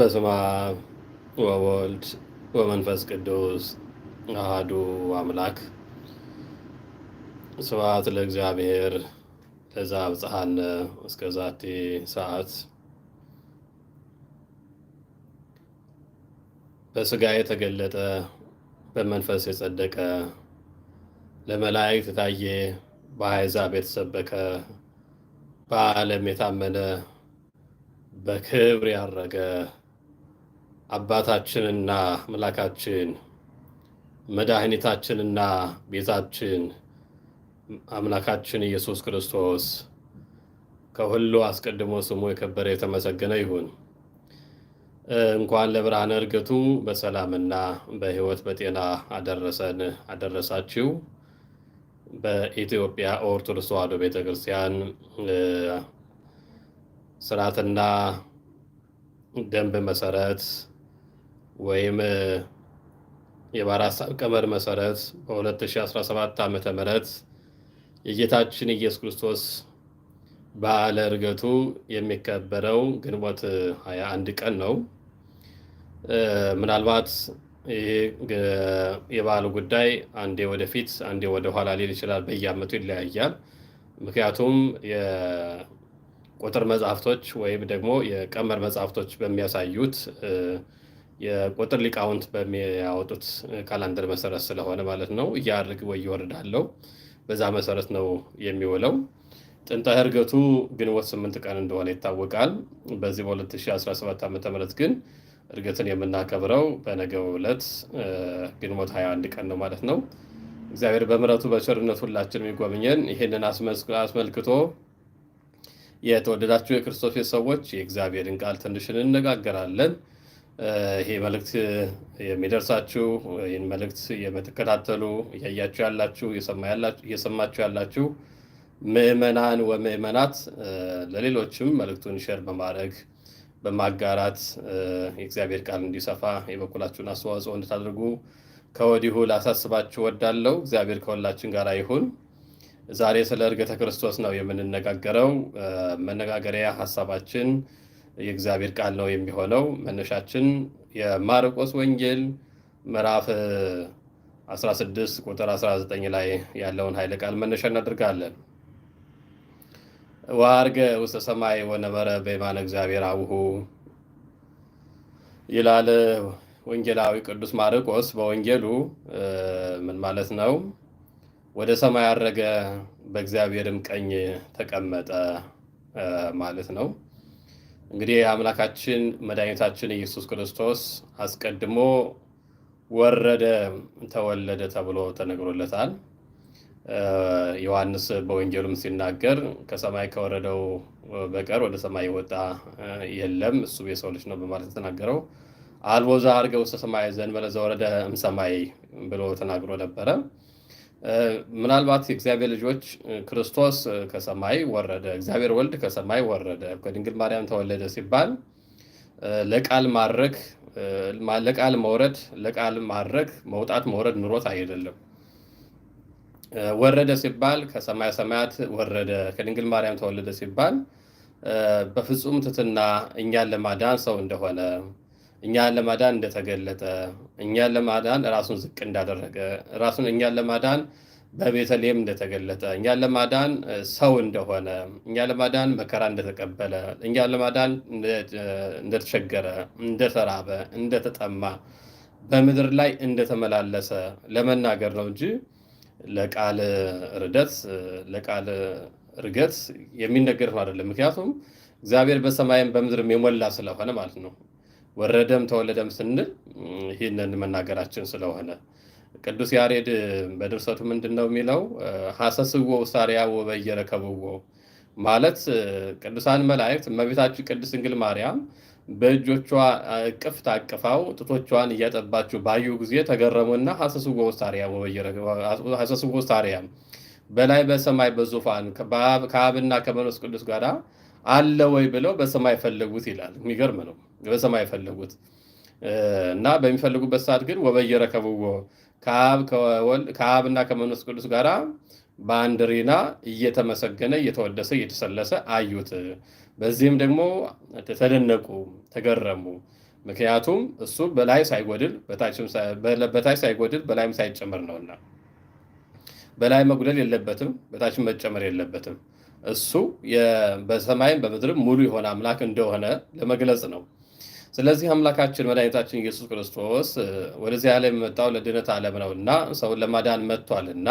በስመ አብ ወወልድ ወመንፈስ ቅዱስ አሐዱ አምላክ። ስብሐት ለእግዚአብሔር ለዘአብጽሐነ እስከ ዛቲ ሰዓት። በስጋ የተገለጠ በመንፈስ የጸደቀ ለመላእክት የታየ በአሕዛብ የተሰበከ በዓለም የታመነ በክብር ያረገ አባታችንና አምላካችን መድኃኒታችንና ቤዛችን አምላካችን ኢየሱስ ክርስቶስ ከሁሉ አስቀድሞ ስሙ የከበረ የተመሰገነ ይሁን። እንኳን ለብርሃነ ዕርገቱ በሰላምና በሕይወት በጤና አደረሰን አደረሳችሁ። በኢትዮጵያ ኦርቶዶክስ ተዋሕዶ ቤተክርስቲያን ስርዓትና ደንብ መሰረት ወይም የባሕረ ሐሳብ ቀመር መሰረት በ2017 ዓ ም የጌታችን ኢየሱስ ክርስቶስ በዓለ ዕርገቱ የሚከበረው ግንቦት 21 ቀን ነው። ምናልባት የበዓሉ ጉዳይ አንዴ ወደፊት አንዴ ወደኋላ ሊል ይችላል። በየዓመቱ ይለያያል። ምክንያቱም የቁጥር መጽሐፍቶች ወይም ደግሞ የቀመር መጽሐፍቶች በሚያሳዩት የቁጥር ሊቃውንት በሚያወጡት ካላንደር መሰረት ስለሆነ ማለት ነው። እያርግ ወይ ይወርዳለው በዛ መሰረት ነው የሚውለው። ጥንተ ሕርገቱ ግንቦት ስምንት ቀን እንደሆነ ይታወቃል። በዚህ በ2017 ዓ ም ግን እርገትን የምናከብረው በነገው ዕለት ግንቦት 21 ቀን ነው ማለት ነው። እግዚአብሔር በምረቱ በቸርነት ሁላችን የሚጎብኘን። ይህንን አስመልክቶ የተወደዳችሁ የክርስቶስ ሰዎች የእግዚአብሔርን ቃል ትንሽ እንነጋገራለን። ይሄ መልእክት የሚደርሳችሁ ይህን መልእክት የምትከታተሉ እያያችሁ ያላችሁ እየሰማችሁ ያላችሁ ምዕመናን ወምዕመናት ለሌሎችም መልእክቱን ሸር በማድረግ በማጋራት የእግዚአብሔር ቃል እንዲሰፋ የበኩላችሁን አስተዋጽኦ እንድታደርጉ ከወዲሁ ላሳስባችሁ ወዳለው። እግዚአብሔር ከሁላችን ጋር ይሁን። ዛሬ ስለ እርገተ ክርስቶስ ነው የምንነጋገረው። መነጋገሪያ ሀሳባችን የእግዚአብሔር ቃል ነው የሚሆነው። መነሻችን የማርቆስ ወንጌል ምዕራፍ 16 ቁጥር 19 ላይ ያለውን ኃይለ ቃል መነሻ እናደርጋለን። ወዐርገ ውስተ ሰማይ ወነበረ በየማነ እግዚአብሔር አቡሁ ይላል ወንጌላዊ ቅዱስ ማርቆስ በወንጌሉ ምን ማለት ነው? ወደ ሰማይ አረገ በእግዚአብሔርም ቀኝ ተቀመጠ ማለት ነው። እንግዲህ አምላካችን መድኃኒታችን ኢየሱስ ክርስቶስ አስቀድሞ ወረደ ተወለደ ተብሎ ተነግሮለታል። ዮሐንስ በወንጌሉም ሲናገር ከሰማይ ከወረደው በቀር ወደ ሰማይ የወጣ የለም እሱ የሰው ልጅ ነው በማለት የተናገረው አልቦዛ አርገ ውስተ ሰማይ ዘእንበለ ዘወረደ እምሰማይ ብሎ ተናግሮ ነበረ። ምናልባት የእግዚአብሔር ልጆች ክርስቶስ ከሰማይ ወረደ፣ እግዚአብሔር ወልድ ከሰማይ ወረደ፣ ከድንግል ማርያም ተወለደ ሲባል ለቃል ማድረግ ለቃል መውረድ ለቃል ማድረግ መውጣት መውረድ ኑሮት አይደለም። ወረደ ሲባል ከሰማይ ሰማያት ወረደ፣ ከድንግል ማርያም ተወለደ ሲባል በፍጹም ትትና እኛን ለማዳን ሰው እንደሆነ እኛን ለማዳን እንደተገለጠ እኛን ለማዳን ራሱን ዝቅ እንዳደረገ ራሱን እኛን ለማዳን በቤተልሔም እንደተገለጠ እኛን ለማዳን ሰው እንደሆነ እኛን ለማዳን መከራ እንደተቀበለ እኛን ለማዳን እንደተቸገረ፣ እንደተራበ፣ እንደተጠማ በምድር ላይ እንደተመላለሰ ለመናገር ነው እንጂ ለቃል ርደት ለቃል ርገት የሚነገር አይደለም። ምክንያቱም እግዚአብሔር በሰማይም በምድርም የሞላ ስለሆነ ማለት ነው። ወረደም ተወለደም ስንል ይህንን መናገራችን ስለሆነ ቅዱስ ያሬድ በድርሰቱ ምንድን ነው የሚለው? ሀሰስዎ ሳሪያ ወበየረከብዎ ማለት ቅዱሳን መላእክት እመቤታችን ቅድስት ድንግል ማርያም በእጆቿ እቅፍ ታቅፋው ጡቶቿን እያጠባችው ባዩ ጊዜ ተገረሙና ሀሰስዎ ሳሪያም በላይ በሰማይ በዙፋን ከአብና ከመንፈስ ቅዱስ ጋር አለ ወይ ብለው በሰማይ ፈለጉት ይላል። የሚገርም ነው። በሰማይ የፈለጉት እና በሚፈልጉበት ሰዓት ግን ወበየረከብዎ ከአብና ከመንፈስ ቅዱስ ጋራ በአንድ ሪና እየተመሰገነ እየተወደሰ እየተሰለሰ አዩት። በዚህም ደግሞ ተደነቁ፣ ተገረሙ። ምክንያቱም እሱ በላይ ሳይጎድል በታች ሳይጎድል በላይም ሳይጨመር ነውና በላይ መጉደል የለበትም፣ በታችም መጨመር የለበትም። እሱ በሰማይም በምድርም ሙሉ የሆነ አምላክ እንደሆነ ለመግለጽ ነው። ስለዚህ አምላካችን መድኃኒታችን ኢየሱስ ክርስቶስ ወደዚህ ዓለም የመጣው ለድነት ዓለም እና ሰውን ለማዳን እና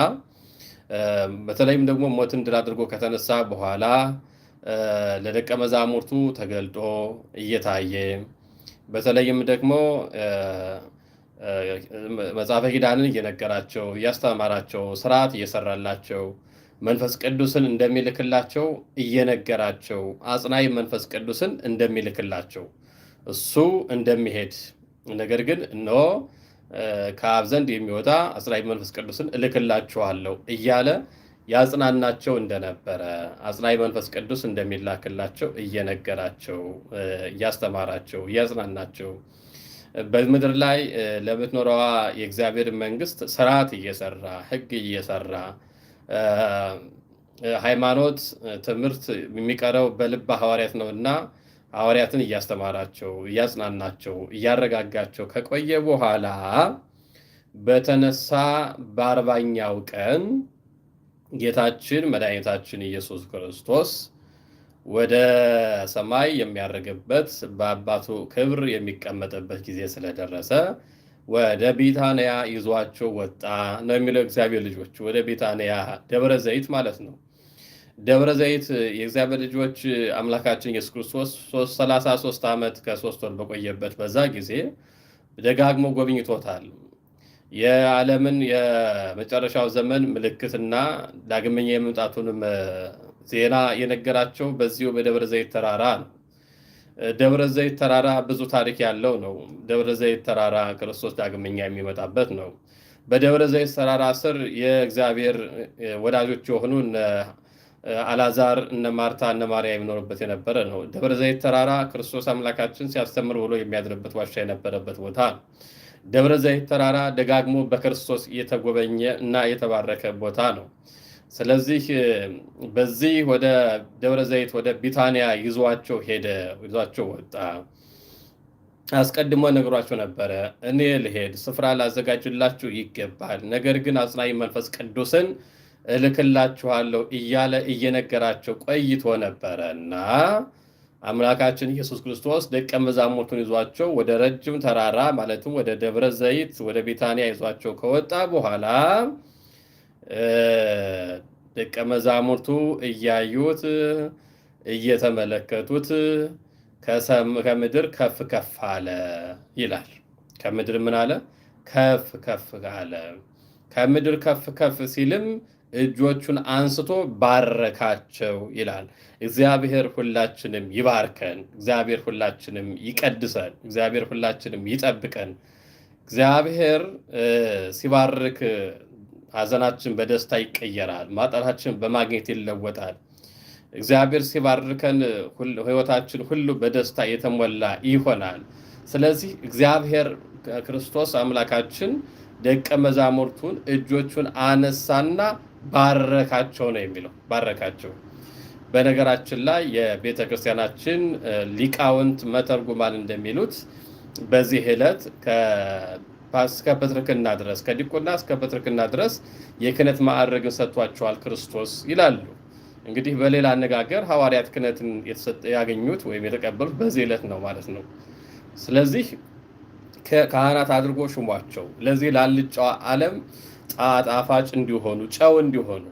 በተለይም ደግሞ ሞትን ድል አድርጎ ከተነሳ በኋላ ለደቀ መዛሙርቱ ተገልጦ እየታየ በተለይም ደግሞ መጽሐፈ ኪዳንን እየነገራቸው እያስተማራቸው ስርዓት እየሰራላቸው መንፈስ ቅዱስን እንደሚልክላቸው እየነገራቸው አጽናይ መንፈስ ቅዱስን እንደሚልክላቸው እሱ እንደሚሄድ ነገር ግን እነሆ ከአብ ዘንድ የሚወጣ አጽናኝ መንፈስ ቅዱስን እልክላችኋለሁ እያለ ያጽናናቸው እንደነበረ አጽናኝ መንፈስ ቅዱስ እንደሚላክላቸው እየነገራቸው፣ እያስተማራቸው፣ እያጽናናቸው በምድር ላይ ለምትኖረዋ የእግዚአብሔር መንግስት ስርዓት እየሰራ ሕግ እየሰራ ሃይማኖት፣ ትምህርት የሚቀረው በልባ ሐዋርያት ነው እና ሐዋርያትን እያስተማራቸው እያጽናናቸው እያረጋጋቸው ከቆየ በኋላ በተነሳ በአርባኛው ቀን ጌታችን መድኃኒታችን ኢየሱስ ክርስቶስ ወደ ሰማይ የሚያርግበት በአባቱ ክብር የሚቀመጥበት ጊዜ ስለደረሰ ወደ ቢታንያ ይዟቸው ወጣ ነው የሚለው እግዚአብሔር ልጆች ወደ ቢታንያ ደብረ ዘይት ማለት ነው። ደብረ ዘይት የእግዚአብሔር ልጆች አምላካችን ኢየሱስ ክርስቶስ 33 ዓመት ከሶስት ወር በቆየበት በዛ ጊዜ ደጋግሞ ጎብኝቶታል። የዓለምን የመጨረሻው ዘመን ምልክትና ዳግመኛ የመምጣቱንም ዜና የነገራቸው በዚሁ በደብረ ዘይት ተራራ ነው። ደብረ ዘይት ተራራ ብዙ ታሪክ ያለው ነው። ደብረ ዘይት ተራራ ክርስቶስ ዳግመኛ የሚመጣበት ነው። በደብረ ዘይት ተራራ ስር የእግዚአብሔር ወዳጆች የሆኑ አላዛር እነ ማርታ እነ ማርያ የሚኖርበት የነበረ ነው። ደብረ ዘይት ተራራ ክርስቶስ አምላካችን ሲያስተምር ብሎ የሚያድርበት ዋሻ የነበረበት ቦታ ነው። ደብረ ዘይት ተራራ ደጋግሞ በክርስቶስ የተጎበኘ እና የተባረከ ቦታ ነው። ስለዚህ በዚህ ወደ ደብረ ዘይት ወደ ቢታንያ ይዟቸው ሄደ፣ ይዟቸው ወጣ። አስቀድሞ ነግሯቸው ነበረ፣ እኔ ልሄድ ስፍራ ላዘጋጅላችሁ ይገባል። ነገር ግን አጽናኝ መንፈስ ቅዱስን እልክላችኋለሁ እያለ እየነገራቸው ቆይቶ ነበረ እና አምላካችን ኢየሱስ ክርስቶስ ደቀ መዛሙርቱን ይዟቸው ወደ ረጅም ተራራ ማለትም ወደ ደብረ ዘይት ወደ ቤታንያ ይዟቸው ከወጣ በኋላ ደቀ መዛሙርቱ እያዩት እየተመለከቱት ከምድር ከፍ ከፍ አለ ይላል። ከምድር ምን አለ? ከፍ ከፍ አለ። ከምድር ከፍ ከፍ ሲልም እጆቹን አንስቶ ባረካቸው ይላል። እግዚአብሔር ሁላችንም ይባርከን። እግዚአብሔር ሁላችንም ይቀድሰን። እግዚአብሔር ሁላችንም ይጠብቀን። እግዚአብሔር ሲባርክ ሐዘናችን በደስታ ይቀየራል። ማጣታችን በማግኘት ይለወጣል። እግዚአብሔር ሲባርከን ሕይወታችን ሁሉ በደስታ የተሞላ ይሆናል። ስለዚህ እግዚአብሔር ክርስቶስ አምላካችን ደቀ መዛሙርቱን እጆቹን አነሳና ባረካቸው ነው የሚለው። ባረካቸው በነገራችን ላይ የቤተ ክርስቲያናችን ሊቃውንት መተርጉማን እንደሚሉት በዚህ ዕለት እስከ ፕትርክና ድረስ ከዲቁና እስከ ፕትርክና ድረስ የክህነት ማዕረግን ሰጥቷቸዋል ክርስቶስ ይላሉ። እንግዲህ በሌላ አነጋገር ሐዋርያት ክህነትን ያገኙት ወይም የተቀበሉት በዚህ ዕለት ነው ማለት ነው። ስለዚህ ካህናት አድርጎ ሹሟቸው ለዚህ ላልጫዋ ዓለም ጣጣፋጭ እንዲሆኑ ጨው እንዲሆኑ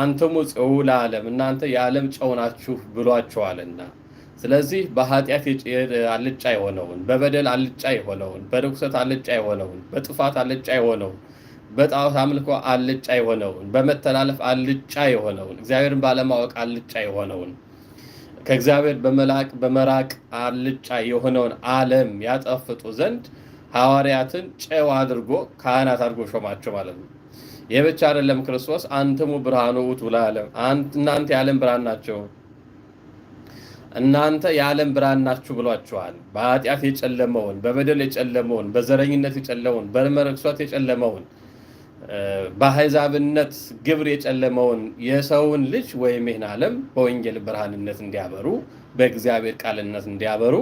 አንትሙ ጽው ለዓለም እናንተ የዓለም ጨው ናችሁ ብሏችኋልና። ስለዚህ በኃጢአት አልጫ የሆነውን በበደል አልጫ የሆነውን በርኩሰት አልጫ የሆነውን በጥፋት አልጫ የሆነውን በጣዖት አምልኮ አልጫ የሆነውን በመተላለፍ አልጫ የሆነውን እግዚአብሔርን ባለማወቅ አልጫ የሆነውን ከእግዚአብሔር በመላቅ በመራቅ አልጫ የሆነውን ዓለም ያጠፍጡ ዘንድ ሐዋርያትን ጨው አድርጎ ካህናት አድርጎ ሾማቸው ማለት ነው። ይህ ብቻ አይደለም። ክርስቶስ አንትሙ ብርሃኑ ውእቱ ለዓለም፣ እናንተ የዓለም ብርሃን ናቸው፣ እናንተ የዓለም ብርሃን ናችሁ ብሏቸዋል። በኃጢአት የጨለመውን፣ በበደል የጨለመውን፣ በዘረኝነት የጨለመውን፣ በመርክሶት የጨለመውን፣ በአሕዛብነት ግብር የጨለመውን የሰውን ልጅ ወይም ይህን ዓለም በወንጌል ብርሃንነት እንዲያበሩ፣ በእግዚአብሔር ቃልነት እንዲያበሩ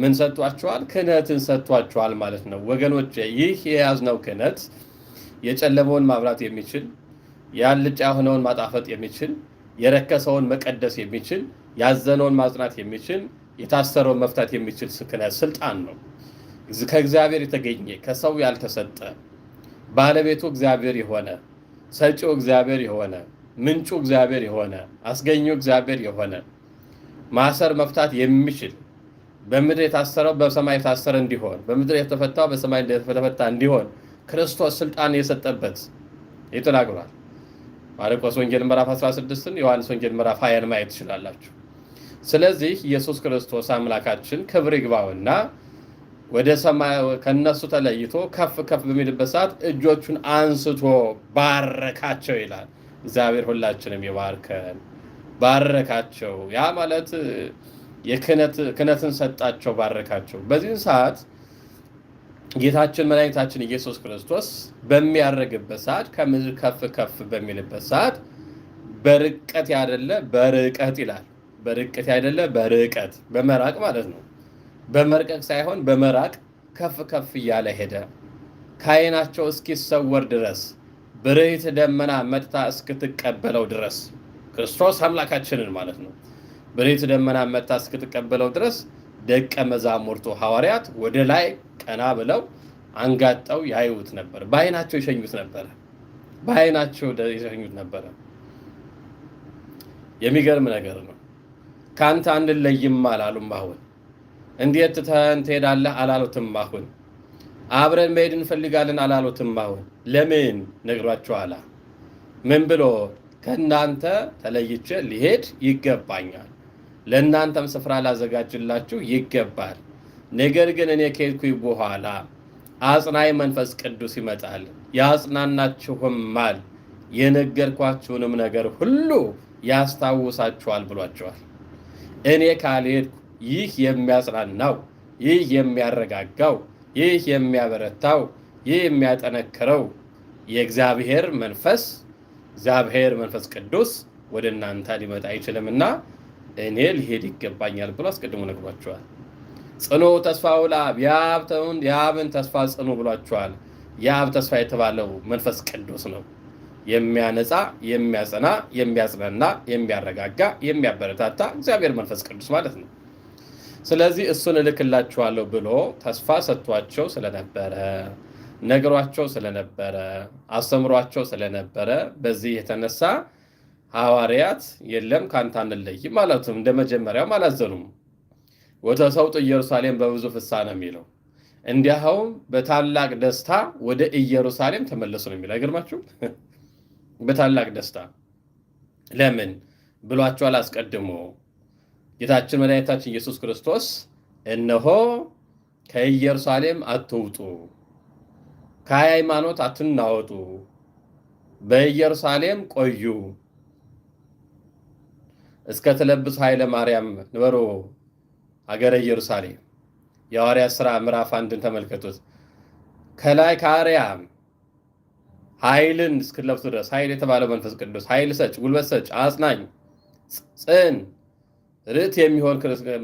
ምን ሰጥቷቸዋል? ክህነትን ሰጥቷቸዋል ማለት ነው። ወገኖች ይህ የያዝነው ክህነት የጨለመውን ማብራት የሚችል ያልጫ የሆነውን ማጣፈጥ የሚችል የረከሰውን መቀደስ የሚችል ያዘነውን ማጽናት የሚችል የታሰረውን መፍታት የሚችል ክህነት ስልጣን ነው። ከእግዚአብሔር የተገኘ ከሰው ያልተሰጠ ባለቤቱ እግዚአብሔር የሆነ ሰጪው እግዚአብሔር የሆነ ምንጩ እግዚአብሔር የሆነ አስገኙ እግዚአብሔር የሆነ ማሰር መፍታት የሚችል በምድር የታሰረው በሰማይ የታሰረ እንዲሆን፣ በምድር የተፈታው በሰማይ እንደተፈታ እንዲሆን ክርስቶስ ስልጣን የሰጠበት ይተናግሯል። ማርቆስ ወንጌል ምዕራፍ 16ን ዮሐንስ ወንጌል ምዕራፍ 20ን ማየት ትችላላችሁ። ስለዚህ ኢየሱስ ክርስቶስ አምላካችን ክብር ይግባውና ወደ ሰማይ ከነሱ ተለይቶ ከፍ ከፍ በሚልበት ሰዓት እጆቹን አንስቶ ባረካቸው ይላል። እግዚአብሔር ሁላችንም ይባርከን። ባረካቸው ያ ማለት ክህነትን ሰጣቸው፣ ባረካቸው። በዚህን ሰዓት ጌታችን መድኃኒታችን ኢየሱስ ክርስቶስ በሚያርግበት ሰዓት ከምድር ከፍ ከፍ በሚልበት ሰዓት በርቀት ያደለ በርቀት ይላል። በርቀት ያደለ በርቀት በመራቅ ማለት ነው። በመርቀቅ ሳይሆን በመራቅ ከፍ ከፍ እያለ ሄደ። ከዓይናቸው እስኪሰወር ድረስ ብርህት ደመና መጥታ እስክትቀበለው ድረስ ክርስቶስ አምላካችንን ማለት ነው። በሌሊቱ ደመና መታ እስክትቀበለው ድረስ ደቀ መዛሙርቱ ሐዋርያት ወደ ላይ ቀና ብለው አንጋጠው ያዩት ነበር። በአይናቸው ይሸኙት ነበረ። በአይናቸው ይሸኙት ነበረ። የሚገርም ነገር ነው። ከአንተ አንለይም አላሉም። አሁን እንዴት ትተኸን ትሄዳለህ አላሉትም። አሁን አብረን መሄድ እንፈልጋለን አላሉትም። አሁን ለምን ነግሯቸዋላ። ምን ብሎ ከእናንተ ተለይቼ ሊሄድ ይገባኛል ለእናንተም ስፍራ ላዘጋጅላችሁ ይገባል። ነገር ግን እኔ ከሄድኩ በኋላ አጽናይ መንፈስ ቅዱስ ይመጣል፣ ያጽናናችሁማል፣ የነገርኳችሁንም ነገር ሁሉ ያስታውሳችኋል ብሏቸዋል። እኔ ካልሄድኩ ይህ የሚያጽናናው፣ ይህ የሚያረጋጋው፣ ይህ የሚያበረታው፣ ይህ የሚያጠነክረው የእግዚአብሔር መንፈስ እግዚአብሔር መንፈስ ቅዱስ ወደ እናንተ ሊመጣ አይችልምና እኔ ሊሄድ ይገባኛል ብሎ አስቀድሞ ነግሯቸዋል። ጽኑ ውላብ ለአብ የአብን ተስፋ ጽኑ ብሏቸዋል። የአብ ተስፋ የተባለው መንፈስ ቅዱስ ነው። የሚያነጻ፣ የሚያጸና፣ የሚያጽናና፣ የሚያረጋጋ፣ የሚያበረታታ እግዚአብሔር መንፈስ ቅዱስ ማለት ነው። ስለዚህ እሱን እልክላችኋለሁ ብሎ ተስፋ ሰጥቷቸው ስለነበረ ነግሯቸው ስለነበረ አስተምሯቸው ስለነበረ በዚህ የተነሳ ሐዋርያት የለም ካንተ አንለይም አላቱም። እንደ መጀመሪያውም አላዘኑም። ወተሰውጡ ኢየሩሳሌም በብዙ ፍሳ ነው የሚለው። እንዲያውም በታላቅ ደስታ ወደ ኢየሩሳሌም ተመለሱ ነው የሚለው። አይገርማችሁም? በታላቅ ደስታ ለምን ብሏቸዋል? አስቀድሞ ጌታችን መድኃኒታችን ኢየሱስ ክርስቶስ እነሆ ከኢየሩሳሌም አትውጡ፣ ከሃይማኖት አትናወጡ፣ በኢየሩሳሌም ቆዩ እስከ ትለብስ ኃይለ ማርያም ንበሮ አገረ ኢየሩሳሌም የሐዋርያት ሥራ ምዕራፍ አንድን ተመልከቱት። ከላይ ከአርያ ኃይልን እስክለብሱ ድረስ ኃይል የተባለው መንፈስ ቅዱስ ኃይል ሰጭ፣ ጉልበት ሰጭ፣ አጽናኝ፣ ጽን ርት የሚሆን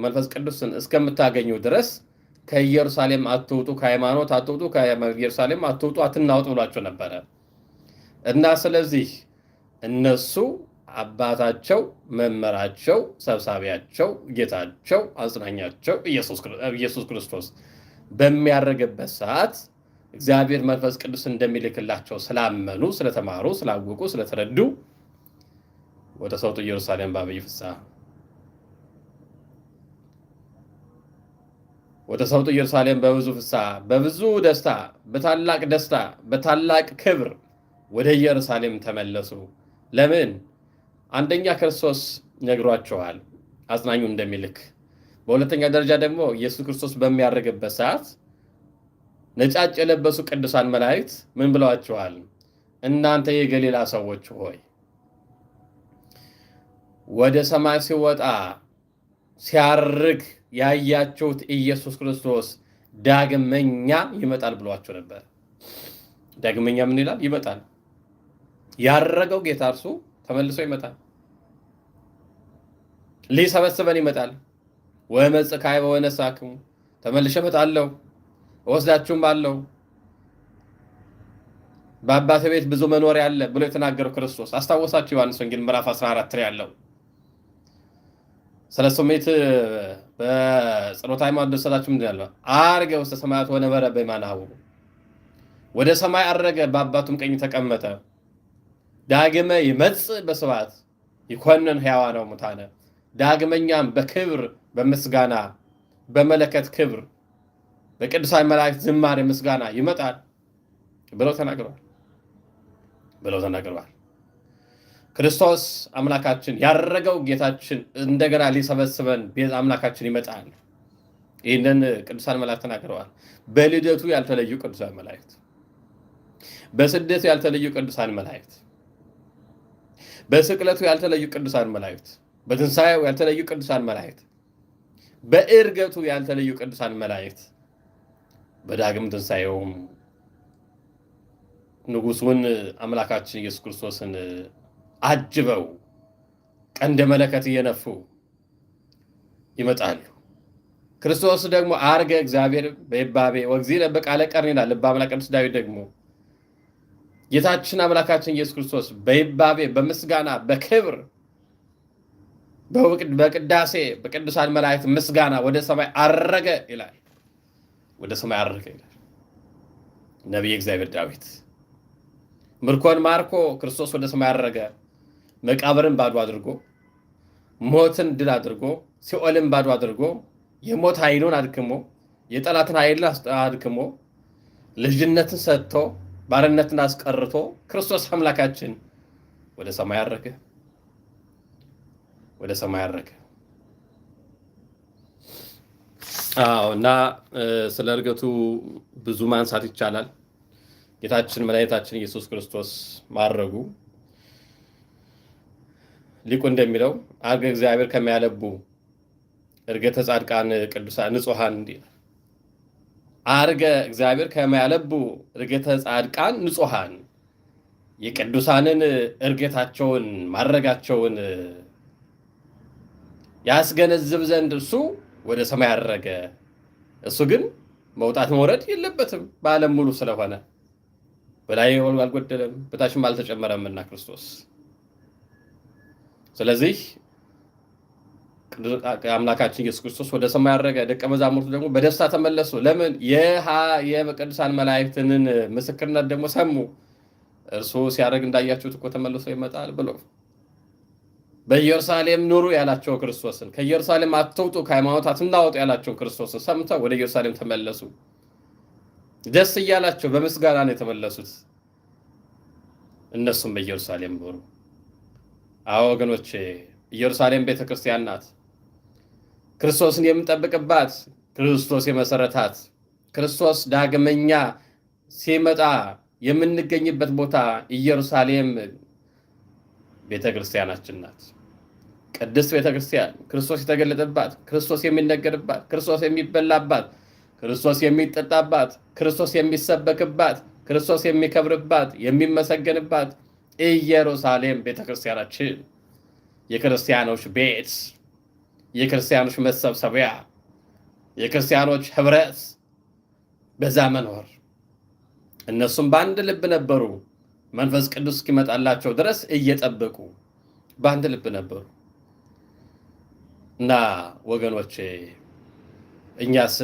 መንፈስ ቅዱስን እስከምታገኙ ድረስ ከኢየሩሳሌም አትውጡ፣ ከሃይማኖት አትውጡ፣ ከኢየሩሳሌም አትውጡ፣ አትናውጡ ብሏቸው ነበረ እና ስለዚህ እነሱ አባታቸው መመራቸው ሰብሳቢያቸው ጌታቸው አጽናኛቸው ኢየሱስ ክርስቶስ በሚያረግበት ሰዓት እግዚአብሔር መንፈስ ቅዱስ እንደሚልክላቸው ስላመኑ፣ ስለተማሩ፣ ስላወቁ፣ ስለተረዱ ወደ ሰውጡ ኢየሩሳሌም በአብይ ፍስሐ ወደ ሰውጡ ኢየሩሳሌም በብዙ ፍሳ በብዙ ደስታ በታላቅ ደስታ በታላቅ ክብር ወደ ኢየሩሳሌም ተመለሱ። ለምን? አንደኛ ክርስቶስ ነግሯቸዋል አጽናኙ እንደሚልክ። በሁለተኛ ደረጃ ደግሞ ኢየሱስ ክርስቶስ በሚያደርግበት ሰዓት ነጫጭ የለበሱ ቅዱሳን መላእክት ምን ብለዋቸዋል? እናንተ የገሊላ ሰዎች ሆይ ወደ ሰማይ ሲወጣ ሲያርግ ያያችሁት ኢየሱስ ክርስቶስ ዳግመኛ ይመጣል ብሏቸው ነበር። ዳግመኛ ምን ይላል? ይመጣል። ያረገው ጌታ እርሱ ተመልሶ ይመጣል። ሊሰበስበን ይመጣል። ወመጽእ ካዕበ ወእነሳክሙ፣ ተመልሼ እመጣለሁ እወስዳችሁም አለው። በአባቴ ቤት ብዙ መኖሪያ አለ ብሎ የተናገረው ክርስቶስ አስታወሳችሁ? ዮሐንስ ወንጌል ምዕራፍ 14 ላይ ያለው ስለ ሱሜት በጸሎተ ሃይማኖት ደሰታችሁ ምንድን ያለው አርገ ውስተ ሰማያት ወነበረ በየማነ ሀቡሁ፣ ወደ ሰማይ አረገ በአባቱም ቀኝ ተቀመጠ። ዳግመ ይመጽእ በስብሐት ይኮንን ሕያዋነ ወሙታነ ዳግመኛም በክብር በምስጋና በመለከት ክብር በቅዱሳን መላእክት ዝማሬ ምስጋና ይመጣል ብለው ተናግረዋል ብለው ተናግረዋል። ክርስቶስ አምላካችን ያረገው ጌታችን እንደገና ሊሰበስበን አምላካችን ይመጣል። ይህንን ቅዱሳን መላእክት ተናግረዋል። በልደቱ ያልተለዩ ቅዱሳን መላእክት፣ በስደቱ ያልተለዩ ቅዱሳን መላእክት፣ በስቅለቱ ያልተለዩ ቅዱሳን መላእክት በትንሣኤው ያልተለዩ ቅዱሳን መላእክት፣ በእርገቱ ያልተለዩ ቅዱሳን መላእክት፣ በዳግም ትንሣኤውም ንጉሱን አምላካችን ኢየሱስ ክርስቶስን አጅበው ቀንደ መለከት እየነፉ ይመጣሉ። ክርስቶስ ደግሞ አርገ እግዚአብሔር በይባቤ ወእግዚእነ በቃለ ቀርን ይላል ልበ አምላክ ቅዱስ ዳዊት ደግሞ ጌታችን አምላካችን ኢየሱስ ክርስቶስ በይባቤ በምስጋና በክብር በቅዳሴ በቅዱሳን መላእክት ምስጋና ወደ ሰማይ አረገ ይላል። ወደ ሰማይ አረገ ይላል ነቢይ እግዚአብሔር ዳዊት። ምርኮን ማርኮ ክርስቶስ ወደ ሰማይ አረገ። መቃብርን ባዶ አድርጎ፣ ሞትን ድል አድርጎ፣ ሲኦልን ባዶ አድርጎ፣ የሞት ኃይሉን አድክሞ፣ የጠላትን ኃይልን አድክሞ፣ ልጅነትን ሰጥቶ፣ ባርነትን አስቀርቶ ክርስቶስ አምላካችን ወደ ሰማይ አረገ። ወደ ሰማይ አረገ። አዎ እና ስለ እርገቱ ብዙ ማንሳት ይቻላል። ጌታችን መድኃኒታችን ኢየሱስ ክርስቶስ ማረጉ ሊቁ እንደሚለው አርገ እግዚአብሔር ከሚያለቡ እርገተ ጻድቃን ቅዱሳን ንጹሐን እንዲ አርገ እግዚአብሔር ከሚያለቡ እርገተ ጻድቃን ንጹሐን የቅዱሳንን እርገታቸውን ማድረጋቸውን ያስገነዝብ ዘንድ እሱ ወደ ሰማይ አደረገ። እሱ ግን መውጣት መውረድ የለበትም በዓለም ሙሉ ስለሆነ በላይ አልጎደለም በታችም አልተጨመረምና ክርስቶስ። ስለዚህ አምላካችን ኢየሱስ ክርስቶስ ወደ ሰማይ አደረገ። ደቀ መዛሙርቱ ደግሞ በደስታ ተመለሱ። ለምን? የቅዱሳን መላእክትንን ምስክርነት ደግሞ ሰሙ። እርሱ ሲያደርግ እንዳያችሁት እኮ ተመልሶ ይመጣል ብሎ በኢየሩሳሌም ኑሩ ያላቸው ክርስቶስን ከኢየሩሳሌም አትውጡ ከሃይማኖት አትናወጡ ያላቸው ክርስቶስን ሰምተው ወደ ኢየሩሳሌም ተመለሱ። ደስ እያላቸው በምስጋና ነው የተመለሱት። እነሱም በኢየሩሳሌም ኖሩ። አዎ ወገኖቼ፣ ኢየሩሳሌም ቤተ ክርስቲያን ናት። ክርስቶስን የምንጠብቅባት፣ ክርስቶስ የመሰረታት፣ ክርስቶስ ዳግመኛ ሲመጣ የምንገኝበት ቦታ ኢየሩሳሌም ቤተ ክርስቲያናችን ናት። ቅድስት ቤተ ክርስቲያን ክርስቶስ የተገለጠባት፣ ክርስቶስ የሚነገርባት፣ ክርስቶስ የሚበላባት፣ ክርስቶስ የሚጠጣባት፣ ክርስቶስ የሚሰበክባት፣ ክርስቶስ የሚከብርባት፣ የሚመሰገንባት ኢየሩሳሌም ቤተ ክርስቲያናችን የክርስቲያኖች ቤት፣ የክርስቲያኖች መሰብሰቢያ፣ የክርስቲያኖች ህብረት በዛ መኖር እነሱም በአንድ ልብ ነበሩ። መንፈስ ቅዱስ እስኪመጣላቸው ድረስ እየጠበቁ በአንድ ልብ ነበሩ እና ወገኖቼ፣ እኛስ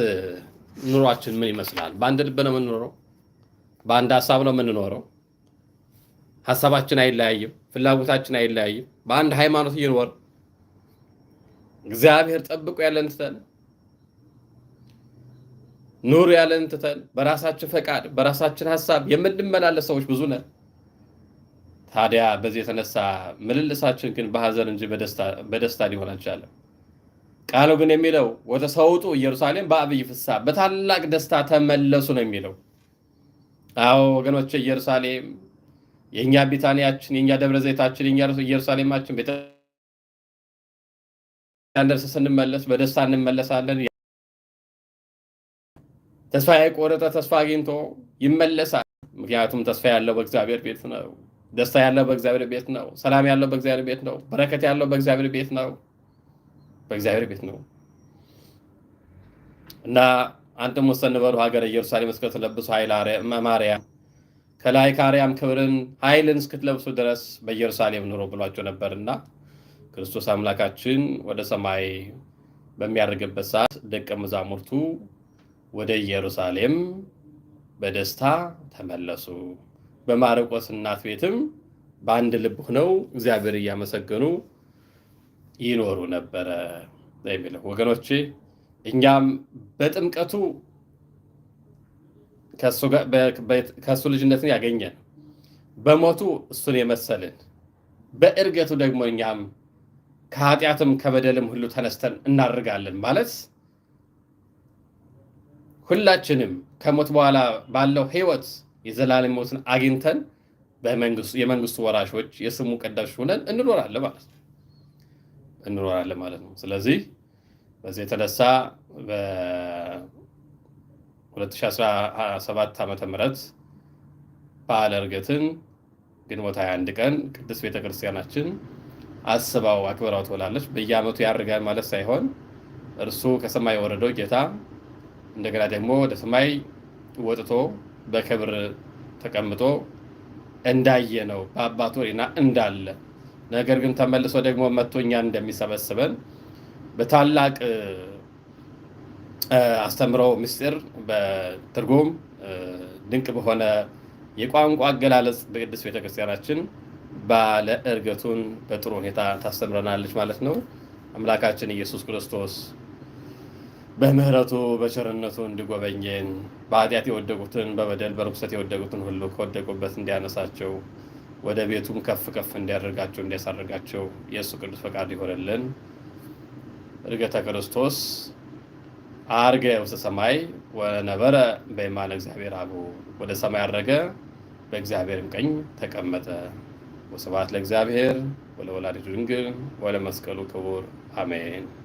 ኑሯችን ምን ይመስላል? በአንድ ልብ ነው የምንኖረው? በአንድ ሀሳብ ነው የምንኖረው? ሀሳባችን አይለያይም፣ ፍላጎታችን አይለያይም። በአንድ ሃይማኖት እየኖር እግዚአብሔር ጠብቆ ያለን ትተን ኑር ያለን ትተን በራሳችን ፈቃድ በራሳችን ሀሳብ የምንመላለስ ሰዎች ብዙ ነን። ታዲያ በዚህ የተነሳ ምልልሳችን ግን በሀዘን እንጂ በደስታ ሊሆን አልቻለም። ቃሉ ግን የሚለው ሰውጡ ኢየሩሳሌም በአብይ ፍሳ በታላቅ ደስታ ተመለሱ ነው የሚለው። አዎ ወገኖች፣ ኢየሩሳሌም የእኛ ቢታንያችን፣ የእኛ ደብረ ዘይታችን፣ የእኛ ኢየሩሳሌማችን ቤተደርስ ስንመለስ በደስታ እንመለሳለን። ተስፋ የቆረጠ ተስፋ አግኝቶ ይመለሳል። ምክንያቱም ተስፋ ያለው በእግዚአብሔር ቤት ነው። ደስታ ያለው በእግዚአብሔር ቤት ነው። ሰላም ያለው በእግዚአብሔር ቤት ነው። በረከት ያለው በእግዚአብሔር ቤት ነው። በእግዚአብሔር ቤት ነው እና አንተ ወሰን በሉ ሀገረ ኢየሩሳሌም እስከትለብሱ ኃይል ማርያም ከላይ ከአርያም ክብርን ኃይልን እስክትለብሱ ድረስ በኢየሩሳሌም ኑሮ ብሏቸው ነበርና ክርስቶስ አምላካችን ወደ ሰማይ በሚያደርግበት ሰዓት ደቀ መዛሙርቱ ወደ ኢየሩሳሌም በደስታ ተመለሱ። በማርቆስ እናት ቤትም በአንድ ልብ ሆነው እግዚአብሔር እያመሰገኑ ይኖሩ ነበረ የሚለው ወገኖቼ፣ እኛም በጥምቀቱ ከእሱ ልጅነትን ያገኘን በሞቱ እሱን የመሰልን በእርገቱ ደግሞ እኛም ከኃጢአትም ከበደልም ሁሉ ተነስተን እናደርጋለን ማለት ሁላችንም ከሞት በኋላ ባለው ሕይወት የዘላለም ሞትን አግኝተን የመንግስቱ ወራሾች የስሙ ቀዳሽ ሆነን እንኖራለን ማለት ነው እንኖራለን ማለት ነው። ስለዚህ በዚህ የተነሳ በ2017 ዓመተ ምህረት በዓለ ዕርገትን ግንቦት 21 ቀን ቅድስት ቤተክርስቲያናችን አስባው አክብራው ትውላለች። በየዓመቱ ያርጋል ማለት ሳይሆን እርሱ ከሰማይ የወረደው ጌታ እንደገና ደግሞ ወደ ሰማይ ወጥቶ በክብር ተቀምጦ እንዳየ ነው በአባቱ ሪና እንዳለ። ነገር ግን ተመልሶ ደግሞ መጥቶ እኛን እንደሚሰበስበን በታላቅ አስተምሮ ምስጢር በትርጉም ድንቅ በሆነ የቋንቋ አገላለጽ በቅድስት ቤተክርስቲያናችን ባለ እርገቱን በጥሩ ሁኔታ ታስተምረናለች ማለት ነው። አምላካችን ኢየሱስ ክርስቶስ በምህረቱ በቸርነቱ እንዲጎበኘን በኃጢአት የወደቁትን በበደል በርኩሰት የወደቁትን ሁሉ ከወደቁበት እንዲያነሳቸው ወደ ቤቱም ከፍ ከፍ እንዲያደርጋቸው እንዲያሳርጋቸው የእሱ ቅዱስ ፈቃድ ይሆንልን። እርገተ ክርስቶስ አርገ ውስተ ሰማይ ወነበረ በየማነ እግዚአብሔር አቡ ወደ ሰማይ አረገ በእግዚአብሔርም ቀኝ ተቀመጠ። ወስብሐት ለእግዚአብሔር ወለወላዲቱ ድንግል ወለመስቀሉ ክቡር አሜን።